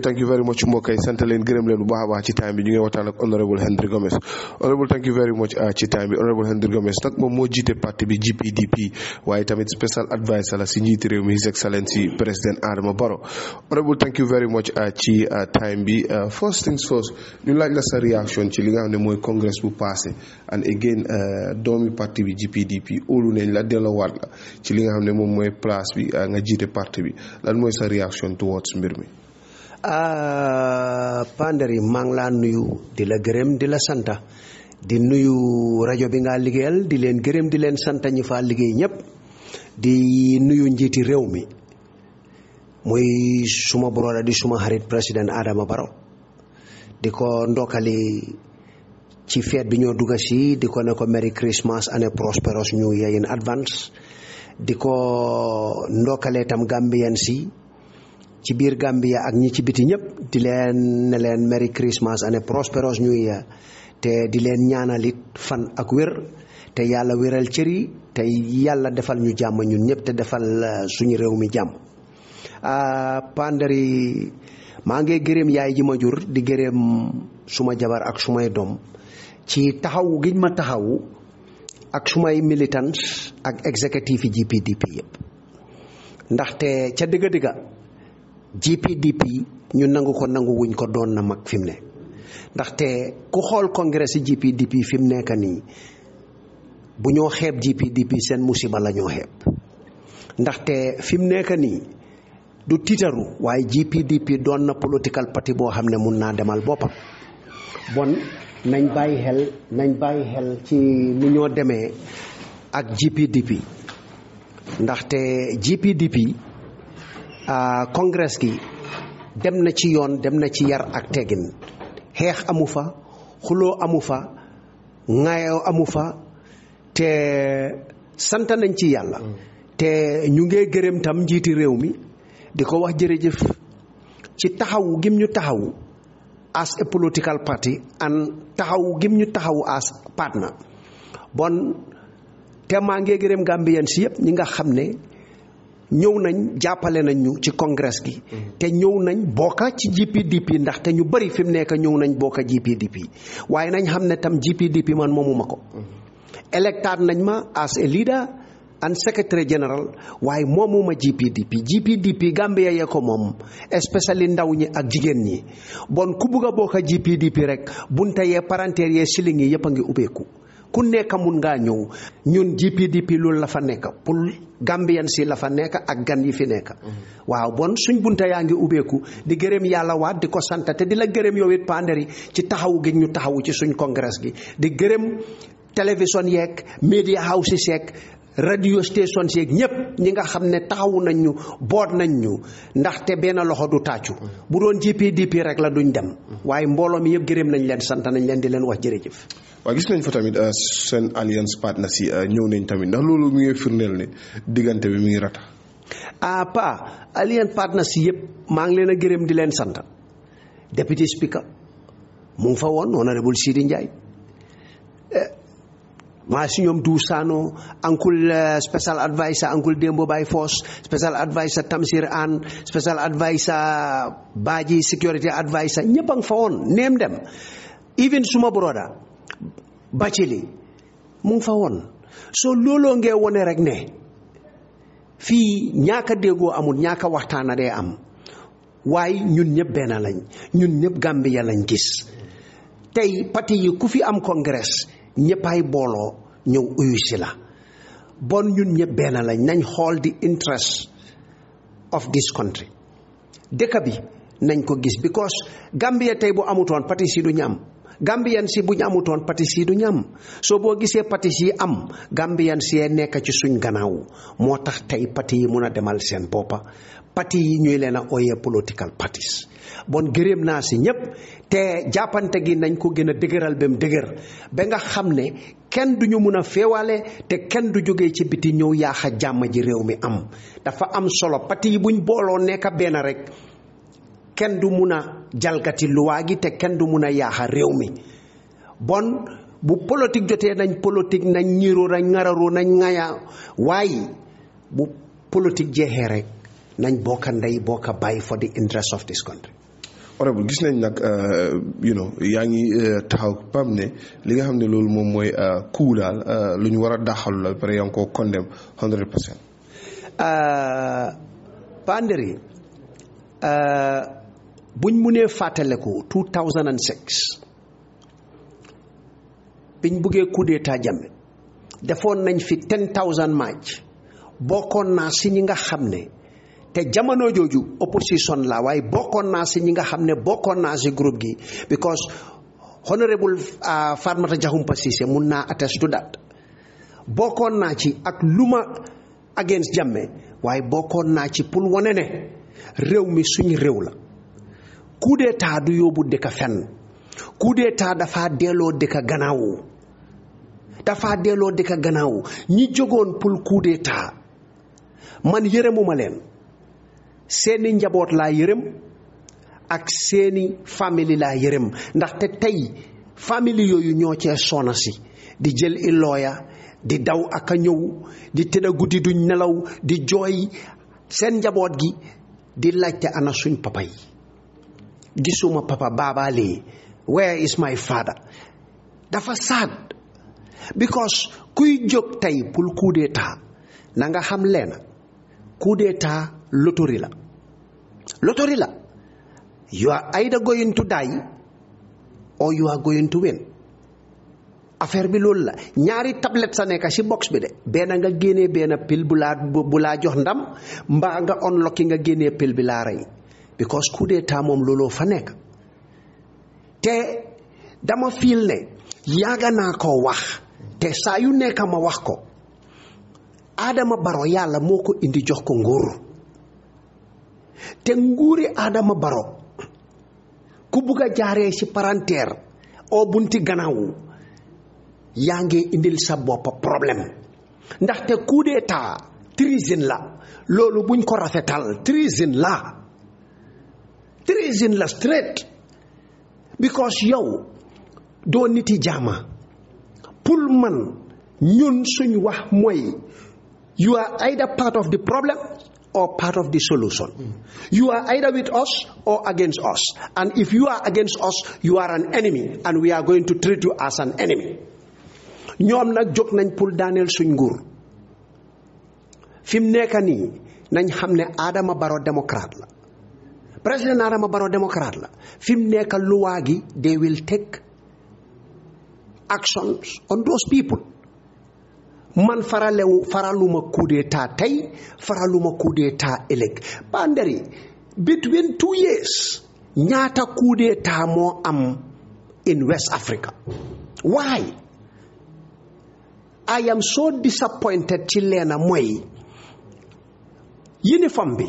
thank you very much mbokk yi sant leen gërëm leen bu baax a baax ci time bi ñu ngi waxtaan ak honorable Henry Gomez honorable thank you very much uh, ci time bi honorable Henry Gomez nag moom moo jiite parti bi GPDP waaye tamit special advice la si njiiti réew mi His Excellency président Adama Barrow honorable thank you very much uh, ci uh, time bi first things first ñu laaj la sa réaction ci li nga xam ne mooy congress bu passé and again doomi parti bi GPDP óolu nañ la delloowaat la ci li nga xam ne moom mooy place bi nga jiite parti bi lan mooy sa réaction towards mbir mi apa ndari mangla ngi nuyu di la gërëm di la santa di nuyu raja bi nga liggéeyal di leen gërëm di leen santa ñu fa liggéey ñëpp di nuyu njiiti réew mi muy suma broda di suma xarit président Adama baro di ko ndokali ci fête bi ñoo dugga si di ko ne ko merry christmas ane prosperos new year in advance di ko ndokale tam gambian si ci biir Gambia ak ñi ci biti ñëpp di leen ne leen Merry Christmas ane prosperous New Year te di leen ñaanalit fan ak wér te yàlla wéral cër yi te yàlla defal ñu jàmm ñun ñëpp te defal euh, suñu réew mi jàmm ah, pandari maa ngi gërëm yaay ji ma jur di gërëm suma jabar ak sumay doom ci taxaw giñ ma taxaw ak sumay militants ak exécutif yi GPDP yëpp ndaxte ca dëgg digga GPDP ñu nangu ko nangu wuñ ko doon na mag fim ne ndaxte ku xool congrès si GPDP fi mu nekk nii bu ñoo xeeb GPDP seen musiba la ñoo xeeb ndaxte fi mu nekk nii du tiitaru waaye GPDP doon na political party boo xam ne mun naa demal boppam bon nañ bàyyi xel nañ bàyyi xel ci nu ñoo demee ak GPDP ndaxte GPDP. Euh, congrès gi dem na ci yoon dem na ci yar ak teggin xeex amu fa xuloo amu fa ŋaayoo amu fa te sant nañ ci yàlla mm. te ñu ngee gërëm tam njiiti réew mi di ko wax jërëjëf ci taxawu gim ñu taxawu as a political party and taxawu gim ñu taxawu as partner bon te maa ngee gërëm Gambien si yëpp ñi nga xam ne ñëw nañ jàppale nañ ñu ci congrès gi. Mm-hmm. te ñëw nañ bokka ci GPDP ndaxte ñu bëri fi mu nekk ñëw nañ bokka GPDP waaye nañ xam ne tam GPDP man moomuma ko. Mm-hmm. electaat nañ ma as a leader and secretary general waaye moomuma GPDP GPDP Gambia yee ko moom especially ndaw ñi ak jigéen ñi bon ku bugg a bokk GPDP rek bunte yee parenteer yee siling yi yëpp a ngi ubbeeku. ku nekk mun ngaa ñëw ñun GPDP loolu la fa nekk pour Gambien si la fa nekk ak gan yi fi nekk. Mhm. waaw bon suñ bunte yaa ngi ubbeeku di gërëm yàlla waat di ko sant te di la gërëm yow it ci taxawu gi ñu taxawu ci suñ congrès gi di gërëm télévision yeeg media house yeeg. radio station yeeg ñëpp ñi nga xam ne taxawu nañ ñu boot nañ ñu ndaxte benn loxo du tàccu mhm. bu doon GPDP rek la duñ dem mhm. waaye mbooloo mi yëpp gërëm nañ leen sant nañ leen di leen wax jërëjëf wa gis nañ fa tamit euh, sen alliance partner si euh, ñew nañ tamit ndax lolu mi ngi firnel ni digante bi mi ngi rata a pa alliance partner si yëpp maa ngi leena gërem di leen sant député speaker mu fa won honorable sidi ndjay euh, ma si ñom du sano ankul special advisor ankul dembo bay force special advisor tamsir an special advisor baji security advisor ñepp ang fa won neem dem even suma broda li mu ngi fa woon soo looloo ngee wone rek ne fii ñaaka déggoo amul ñaaka waxtaana dee am waaye ñun ñëpp benn lañ ñun ñëpp Gambia lañ gis tey pati yi ku fi am congrès ñëppaay booloo ñëw uyu la bon ñun ñëpp benn lañ nañ xool di interest of this country dëkk bi nañ ko gis because Gambia tey bu amutoon pati si du ñu am Gambien bu ñu amutoon pâtissier yi du ñu soo boo gisee pâtissier yi am Gambien yee nekk ci suñ gannaaw moo tax tey pati yi mun a demal seen boppa pati yi ñuy leen a ooyee political parties bon gërëm naa si ñëpp te jàppante gi nañ ko gën a dëgëral ba mu dëgër ba nga xam ne kenn du ñu mun a féewaale te kenn du jógee ci biti ñëw yaaxa jàmm ji réew mi am dafa am solo pati yi buñ booloo nekk benn rek. kenn du mun a jalgati luwaa gi te kenn du mun a yaaxa réew mi bon bu politique jotee nañ politique nañ ñiru nañ ngararu nañ ŋaya waaye bu politique jeexee rek nañ bokka ndey bokka bàyyi for the interest of this country honorable gis nañ nag euh, you know yaa ngi euh, taxaw pam ne li nga xam ne loolu moom mooy euh, coup daal lu ñu war a daxalu la pare yaa ngi koo condemn panderi buñ mu munee fàttaliku 2006 biñ buggee coup d'état Jammeh defoon nañ fi 10000 match bokkoon naa si ñi nga xam ne te jamono jooju opposition la waaye bokkoon naa si ñi nga xam ne bokkoon naa si groupe gi because honorable ah, a Jahumpa Ceesay mun naa attest to that bokkoon naa ci ak luma ma against Jammeh waaye bokkoon naa ci pour wone ne réew mi suñ réew la. coup d'état du yóbbu dëkk fenn coup d'état dafa delloo dëkk gannaaw dafa delloo dëkk gannaaw ñi jógoon pour coup d'état man yërëmuma leen seeni njaboot laa yërëm ak seeni famille laa yërëm ndaxte tey famille yooyu ñoo cee soonasi di jël ilooya di daw ak a ñëw di tëdd guddi duñ nelaw di jooy seen njaboot gi di laajte ana suñ papa yi Gisuma Papa Babali, where is my father? dafa sad because kuy jóg tey pour coup d'état na nga xam coup d'état lotori la lotori la you are either going to die or you are going to win affaire bi loolu la ñaari tablette sa nekk si box bi de benn nga génnee benn pil bu laa bu laa jox ndam mbaa nga unlocki nga pil bi because coup d'état moom looloo fa nekk te dama fiil ne yàgg naa ko wax te saa yu nekka ma wax ko aadama baro yàlla moo ko indi jox ko nguur te nguuri Adama baro ku bugg a jaaree ci paranteer oo bunti gannaawu yaa ngi indil sa bopp problème ndaxte coup d'état treason la loolu buñ ko rafetal treason la There is in the street because yow do niti jaama pour man ñun suñ wax mooy you are either part of the problem or part of the solution. Mm. You are either with us or against us. And if you are against us, you are an enemy and we are going to treat you as an enemy. Nyom nag jok nañ pull Daniel suñ nguur fi mu nekk nii ne Adama baro démocrate la président Arama Baro démocrate la fi mu nekk they will take actions on those people man faralewu faraluma coup d'état tey faraluma coup d'état elek. Bandary between two years nyata coup d'état am in West Africa why I am so disappointed ci leena uniform bi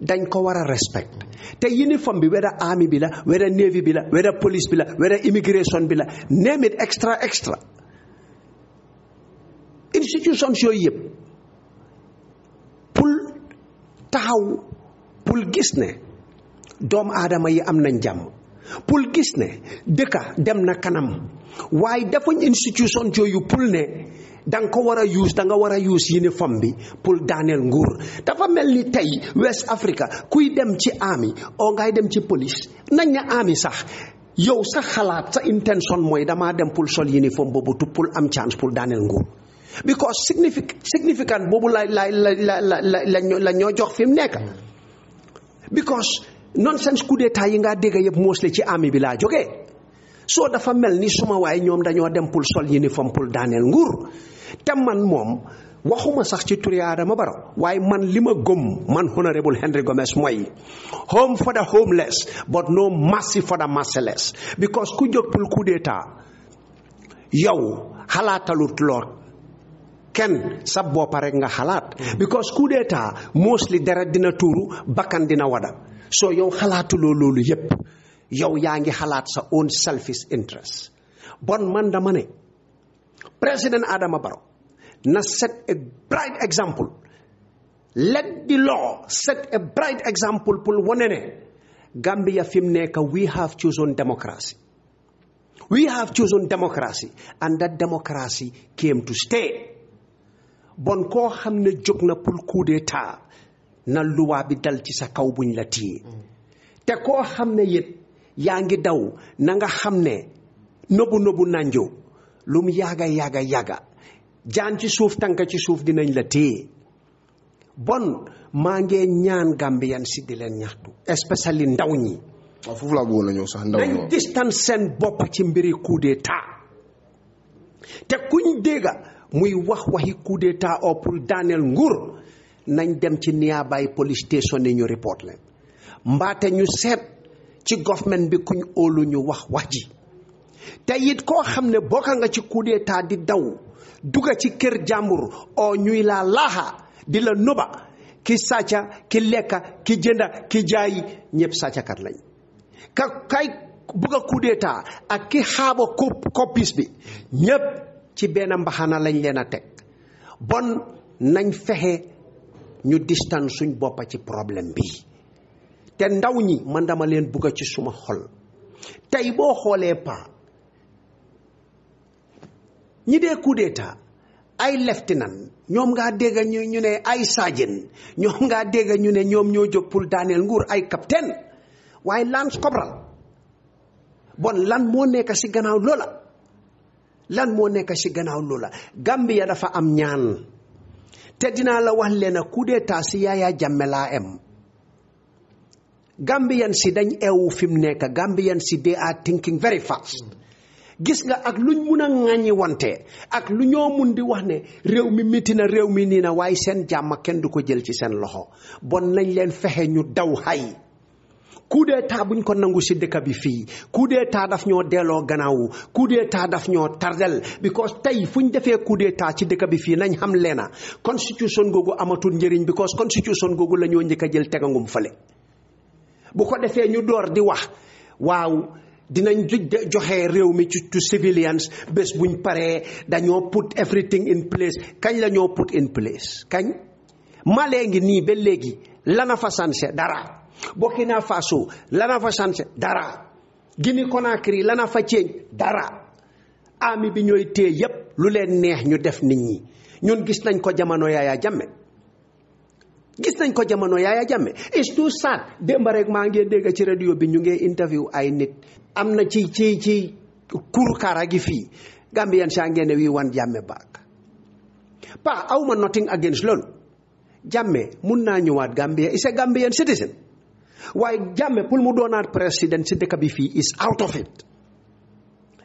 dañ ko war a respect te uniform bi whether army bi la whether navy bi la whether police bi la whether immigration bi la name it extra extra institutions yooyu yëpp pour taxaw pour gis ne doomu aadama yi am nañ jàmm pour gis ne dëkka dem na kanam waaye defuñ institution yooyu pour ne da ko war a use da nga war a use uniform bi pour daaneel nguur dafa mel ni tey West Africa kuy dem ci army oo ngay dem ci police nañ na army sax yow sax xalaat sa intention mooy damaa dem pour sol uniform boobu tu pour am chance pour daaneel nguur because significant significant boobu la la la la la ñoo jox fi mu nekk because nonsense coup d'état yi ngaa dégg yëpp mostly ci army bi laa jógee So dafa mel ni suma waay ñoom dañoo dem pour sol uniforme pour Daniel nguur te man mom waxuma sax ci turi aadama baro waaye man lima gum man honorable henry gomez mooy home for the homeless but no mercy for the merciless because ku jóg pour coup d'état yow ken lool parenga sa rek nga because coup d'état mostly dara dina tuuru bakkan dina wada so yow halat loolu yépp yow yaa ngi xalaat sa own selfish interest bon man dama ne président Adama Barrow na set a bright example let the law set a bright example pour wane ne Gambia fi neka we have chosen democracy we have chosen democracy and that democracy came to stay bon koo xam ne jóg na pour coup d'état na luwaa bi dal ci sa kaw buñ la te ne yit yaa ngi daw na nga xam ne nëbu nëbu nanjo lum yàgga yàgga yàgga jaan ci suuf tànk ci suuf dinañ la téye bon maa ngi ñaan Gambian si di leen ñaxtu especially ndaw ñi. waaw foofu laa bëggoon seen bopp ci mbiri coup d'état te kuñ dégg muy wax waxi coup d'état oo daaneel nguur nañ dem ci niaabay police station yi ñu report leen mbaate ñu seet. ci government bi kuñ óolu ñu wax wax ji te it koo xam ne bokka nga ci coup di daw dugga ci kër jàmbur oo ñuy laa laaxa di la nuba ki sàcca ki lekka ki jënda ki jaayi ñëpp sàccakat lañ ka kay bugga coup ak ki xaaba koppiis bi ñépp ci benn mbaxana lañ leen a teg bon nañ fexe ñu distance suñ boppa ci problème bi te ndaw ñi man dama leen bugg ci suma xol tey boo xoolee pa ñi dee coup ay lieutenant ñoom nga dégg ñu ne ay sergent ñoom nga dégg ñu ne ñoom ñoo jóg pour daaneel nguur ay capitaine waaye lance corporal bon lan moo nekk ci gannaaw loola lan moo nekk ci gannaaw loola Gambia dafa am ñaan te dinaa la wax leen coup d'état ci Yaya Jammeh laa am Gambian si dañ eewu fi mu nekk Gambian si they are thinking very fast gis nga ak luñ mun a ŋàññi wante ak lu ñoo mun di wax ne réew mi mitti na réew mi nii na waaye seen jàmm kenn du ko jël ci seen loxo bon nañ leen fexe ñu daw xay coup bu ñu ko nangu si dëkk bi fii kuude d'état daf ñoo delloo gannaawu coup d'état daf ñoo tardel because tey fu ñu defee coup d'état ci dëkk bi fii nañ xam leena constitution googu amatul njëriñ because constitution googu la ñoo njëkk jël tegangum fale bu ko defee ñu door di wax waaw dinañ joxe réew mi ci ci civilians bés buñ paree dañoo put everything in place kañ la ñoo put in place kañ Mali ngi nii ba léegi lana fa changé dara Burkina Faso lana fa changé dara Guinée Conakry lana fa ceeñ dara ami bi ñooy téye yépp lu leen neex ñu def nit ñi ñun gis nañ ko jamono yaaya Jammeh gis nañ ko jamono yaaya jamme is tout ça demba rek maa ngeen dégg ci radio bi ñu ngi interview ay nit am na ci ci ci kuru kara gi fii gambian sa ngeen wi wan jamme baak pa awma nothing against loolu jamme mun naa ñëwaat gambia is a gambian citizen waaye jamme pour mu doonaat president si dëkk bi fii is out of it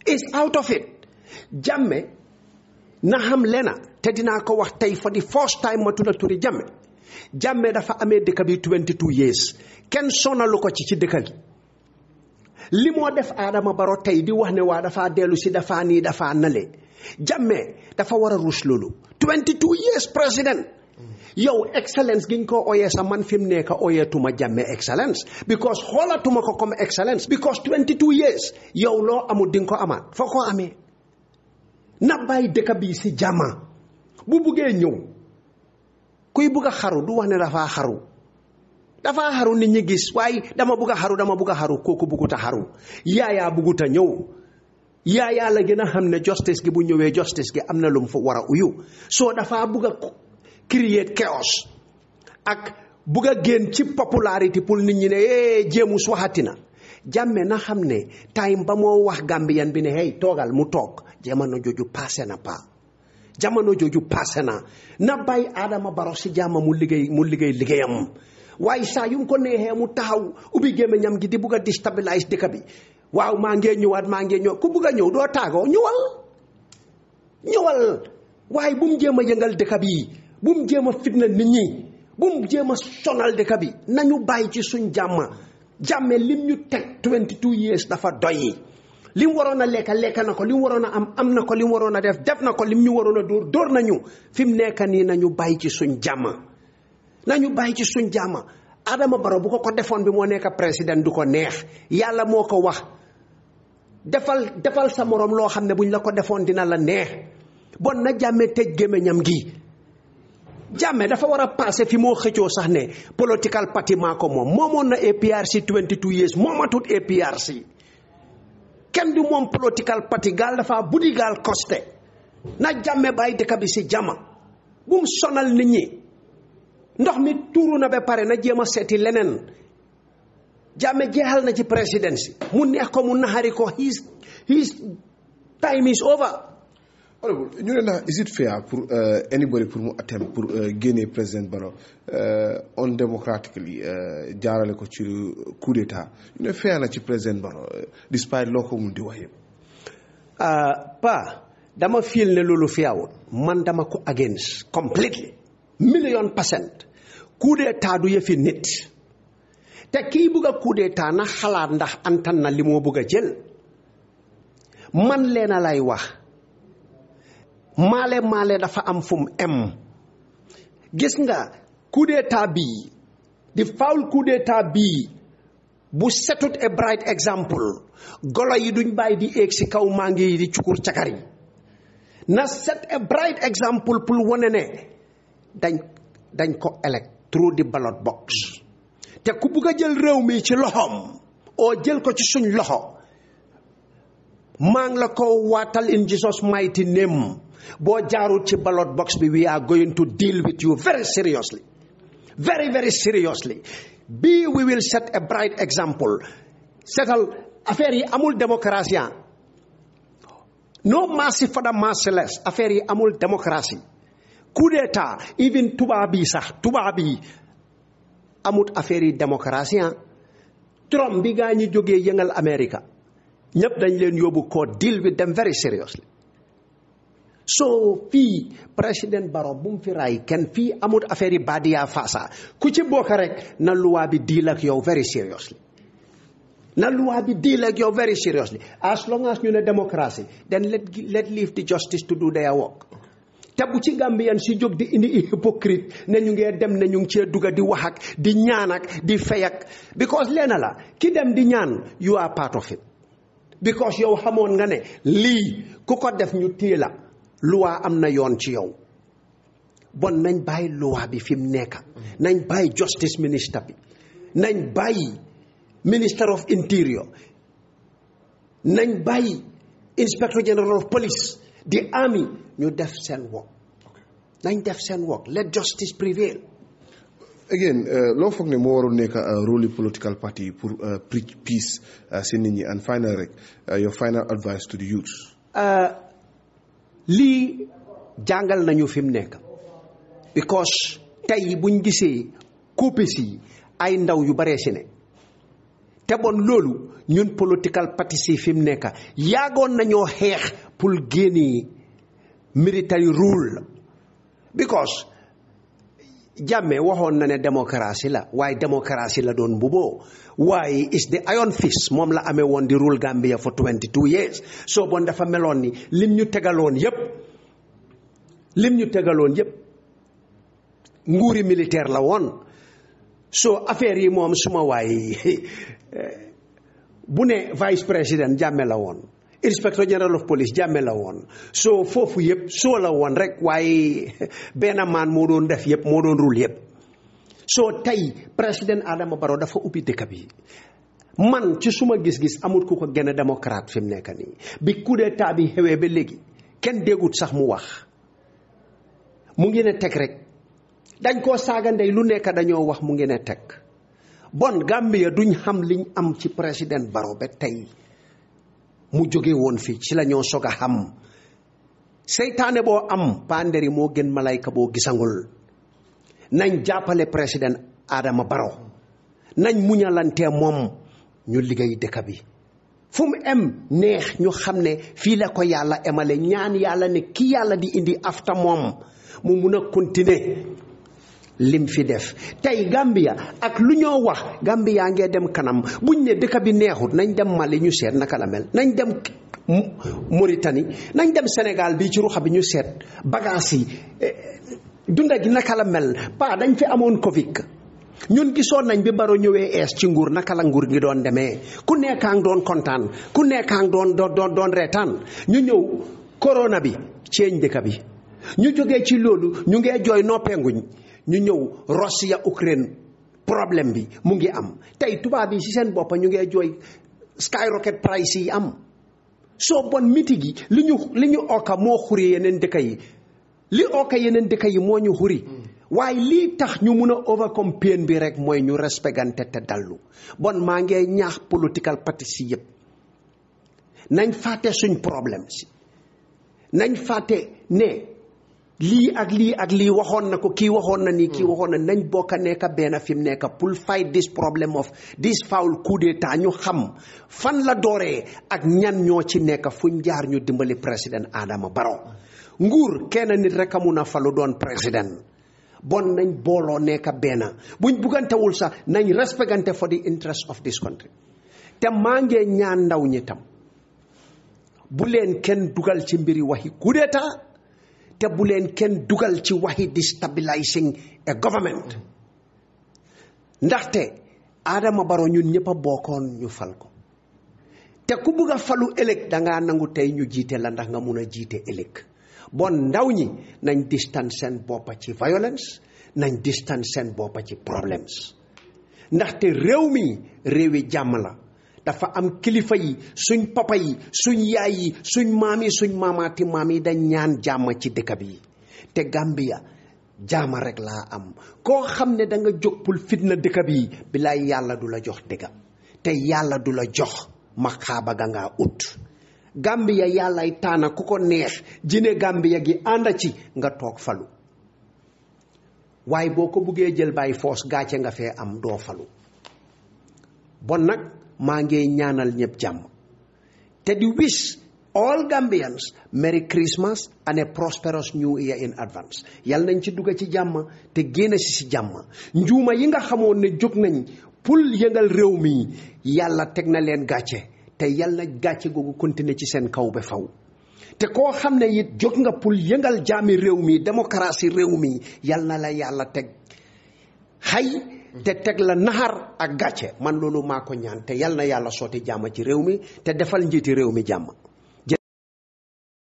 is out of it jamme na xam lena te dinaa ko wax tey for the first time matuna turi jamme jàmme dafa amee dëkk bi 22 years kenn sonalu ko ci ci dëkk gi li moo def Adama Barrow tey di wax ne waa dafaa dellu si dafaa nii dafaa nale jàmme dafa war a ruus loolu 22 years président yow excellence giñ ko oyee sa man fi mu nekk oyeetuma jàmme excellence because xoolatuma ko comme excellence because 22 years yow loo amul di nga ko amaat foo ko amee na bàyyi dëkk bi si jàmma bu buggee ñëw kuy buka a xaru du wax ne dafa xaru dafa xaru nit ñi gis waaye dama bëgg a xaru dama bëgg a xaru kooku bëggut a xaru yaayaa bëggut a ñëw yaaya la gën a ne justice gi bu ñëwee justice gi am na lu fa uyu so dafa buka a create chaos ak buka a génn ci popularité pour nit ñi ne eh jéemus waxati na jàmme na xam time ba moo wax gambian bi ne hey toogal mu toog joju passé na pas jamono jooju passé na na bàyyi Adama Barrow si jàmm mu liggéey mu liggéey liggéeyam waaye saa yu mu ko neexee mu taxaw ubbi gémmiñam gi di bugg a déstabiliser dëkk bi waaw maa ngee ñëwaat maa ngee ñëw ku bugg a ñëw doo taagoo ñëwal ñëwal waaye bu mu jéem a yëngal dëkk bi bu mu jéem a fitna nit ñi bu mu jéem a sonal dëkk bi nañu bàyyi ci suñ jàmm jàmme lim ñu teg 22 years dafa doy. li mu waroon a lekka lekka na ko lim waroon a am am na ko lim waroon a def def na ko lim ñu waroon a dóor dóor nañu fi mu nekk nii nañu bàyyi ci suñ jàmm nañu bàyyi ci suñ jàmm Adama Barrow bu ko ko defoon bi moo nekk président du ko neex yàlla moo ko wax defal defal sa moroom loo xam ne buñ la ko defoon dina la neex bon na jàmme tëj gémmiñam gi jàmme dafa war a passé fi moo xëccoo sax ne political party ko moom moomoon na APRC 22 years moomatut APRC kenn du moom political party gaal dafa budigaal koste na jàmme bàyyi dëkk bi si jàmm bu mu sonal nit ñi ndox mi tuuru na ba pare na jéem a lenen. leneen jàmme jeexal na ci presidency. mu neex ko mu naxari ko his his time is over Honorable, you know, is it fair for uh, anybody pour attempt for uh, Guinea President Barrow uh, undemocratically euh, jaarale ko ci coup d'état ñu ne fair ci President Barrow euh, despite ko mun di wax yëpp. Euh, dama fiil ne loolu feewul man dama ko against completely million percent coup d'état du yëfi nit te kii bugg a coup na xalaat ndax antan na li moo bugg a jël man leena lay wax. maale maale dafa am fu em gis nga coup d'état bii di foul coup d'état bii bu setut a bright exemple golo yi duñ bàyyi di éeg si kaw maa ngi di cukur cakar na set a bright exemple pour wane ne dañ dañ ko elect through box te ku bugg a jël réew mi ci loxoom oo jël ko ci suñ loxo maa ngi la ko waatal in Jesus mighty name boo Jaru ci ballot box bi we are going to deal with you very seriously very very seriously B, we will set a bright example setal affaire yi amul démocratie no mercy for the merciless affaire yi amul démocratie coup d'état even Tuba yi sax tubaab yi amut affaire yi démocratie Trump bi gaa ñi jógee yëngal America ñëpp dañ leen yóbbu ko deal with them very seriously so fi president baro bum fi ray ken fi ya fasa. affaire badia fasa ku ci rek na loi bi deal ak yow very seriously na loi bi deal ak yow very seriously as long as ñu ne democracy, then let, let leave the justice to do their work te bu ci gambian si jog di indi hypocrite ne ñu ngee dem ne ñu ci duga di wax ak di ñaan ak di fay ak because lena la ki dem di ñaan you are part of it because yow xamone nga ne li ku ko def ñu téye loi am na yoon ci yow bon nañ bàyyi loi bi fi mu nekk nañ bàyyi justice minister bi nañ bàyyi minister of interior nañ bàyyi inspector general of police the army ñu def seen work nañ def seen work let justice prevail again uh, loo foog ne moo waroon nekk uh, rôle political party pour uh, preach peace si nit ñi and final rek your final advice to the youth lii jàngal nañu fi mu nekk because tey buñ gisee COPESI ay ndaw yu baree si ne te bon loolu ñun political parties yi fi mu nekk yaagoon nañoo xeex pour génnee military rule because jàmme waxoon na ne démocratie la waaye démocratie la doon buboo waaye is the iron fist moom la amee woon di rule Gambia for 22 years soo bon dafa meloon ni lim ñu tegaloon yëpp lim ñu tegaloon yépp nguuri militaire la woon so affaire yi moom suma waay eh, bu ne vice président Jammeh la woon inspector general of police jàmme la woon soo foofu yëpp soo la woon rek waaye benn maan moo doon def yëpp moo doon rul yëpp soo tey président Adama Barrow dafa ubbi dëkk bi man ci suma gis-gis amul ku ko gën a démocrate fi mu nekk nii bi coup d'état bi xewee ba léegi kenn déggut sax mu wax mu ngi ne teg rek dañ koo saaga ndey lu nekk dañoo wax mu ngi ne teg bon Gambia duñ xam liñ am ci président Barrow ba tey mu jóge woon fi ci la ñoo soog a xam seytaane boo am panderi moo gën malayka boo gisangul nañ jàppale président Adama baro nañ muñalantee moom ñu liggéey dëkk bi fu mu em neex ñu xam ne fii la ko yàlla emale ñaan yàlla ne kii yàlla di indi afta moom mu mun a continuer lim fi def tey Gambia ak lu ñoo wax Gambia ngee dem kanam buñ ne dëkk bi neexut nañ dem Mali ñu seet naka la mel nañ dem muritani nañ dem senegal bi ci ruxa bi ñu seet bagages yi eh, dunda gi naka la mel pa dañ fi amoon Covid ñun gisoon nañ bi baro ñëwee ees ci nguur naka la nguur gi doon demee ku nekkaang doon kontaan ku nekkaang doon doon reetaan ñu ñëw corona bi ceeñ dëkk bi ñu jógee ci loolu ñu ngee jooy noppenguñ ñu ñëw Russia Ukraine problème bi mu ngi am tey tubaab yi si seen bopp ñu ngi jooy skyrocket price yi am soo bon miti gi li ñu li ñu oka moo xuri yeneen dëkk yi li oka yeneen dëkk yi moo ñu xuri waaye lii tax ñu mun a overcome pain bi rek mooy ñu respectante te dallu bon maa ngi ñaax political party nain yëpp nañ fàtte suñ problème si nañ fàtte ne lii ak lii ak lii waxoon na ko kii waxoon na nii kii hmm. waxoon na nañ bokk a nekk benn fi mu nekk pour fight dis problem of this foul coup ñu xam fan la dooree ak ñan ñoo ci nekk fuñ jaar ñu dimbali président Adama Barrow nguur kenn nit rek amu na falu doon président bon nañ booloo nekk benn buñ buggantewul sax nañ respectante for the interest of this country te maa ngi ñaan ndaw ñi tam bu leen kenn dugal ci mbiri waxi coup te bu leen kenn dugal ci waxi destabilizing a government ndaxte Adama Barrow ñun ñëpp bokkoon ñu fal ko te ku bugg falu ëllëg danga nangu tey ñu jiite la ndax nga mun a jiite ëllëg bon ndaw ñi nañ distance boppa ci violence nañ distance seen boppa ci problems ndaxte réew mi réewi jàmm la dafa am kilifa yi suñ papa yi suñ yaay yi suñ maam yi suñ maamaati maam yi dañ ñaan jàmm ci dëkk yi te Gambia jaama rekk laa am koo xam ne danga nga jóg pour fitna dëkk yi bilaay yàlla du la jox dëkk te yàlla du la jox maxaaba ga ngaa ut Gambia yàlla taana ku ko neex jine Gambia gi ànd ci nga toog falu waaye boo ko buggee jël bàyyi foos gàcce nga fee am doo falu bon nag maa ngi ñaanal ñëpp jàmm te di wish all Gambians merry Christmas and a prosperous new year in advance yàlla nañ ci dugg ci jàmm te génn ci si jàmm njuuma yi nga xamoon ne jóg nañ pour yëngal réew mi yàlla teg na leen gàcce te yàlla gàcce googu continuer ci seen kaw ba faw te koo xam ne it jóg nga pour yëngal jàmmi réew mi démocratie réew mi yàlla na la yàlla teg xay te teg la naxar ak gàcce man loolu maa ko ñaan te yal na yàlla sotti jàmm ci réew mi te defal njiiti réew mi jàmm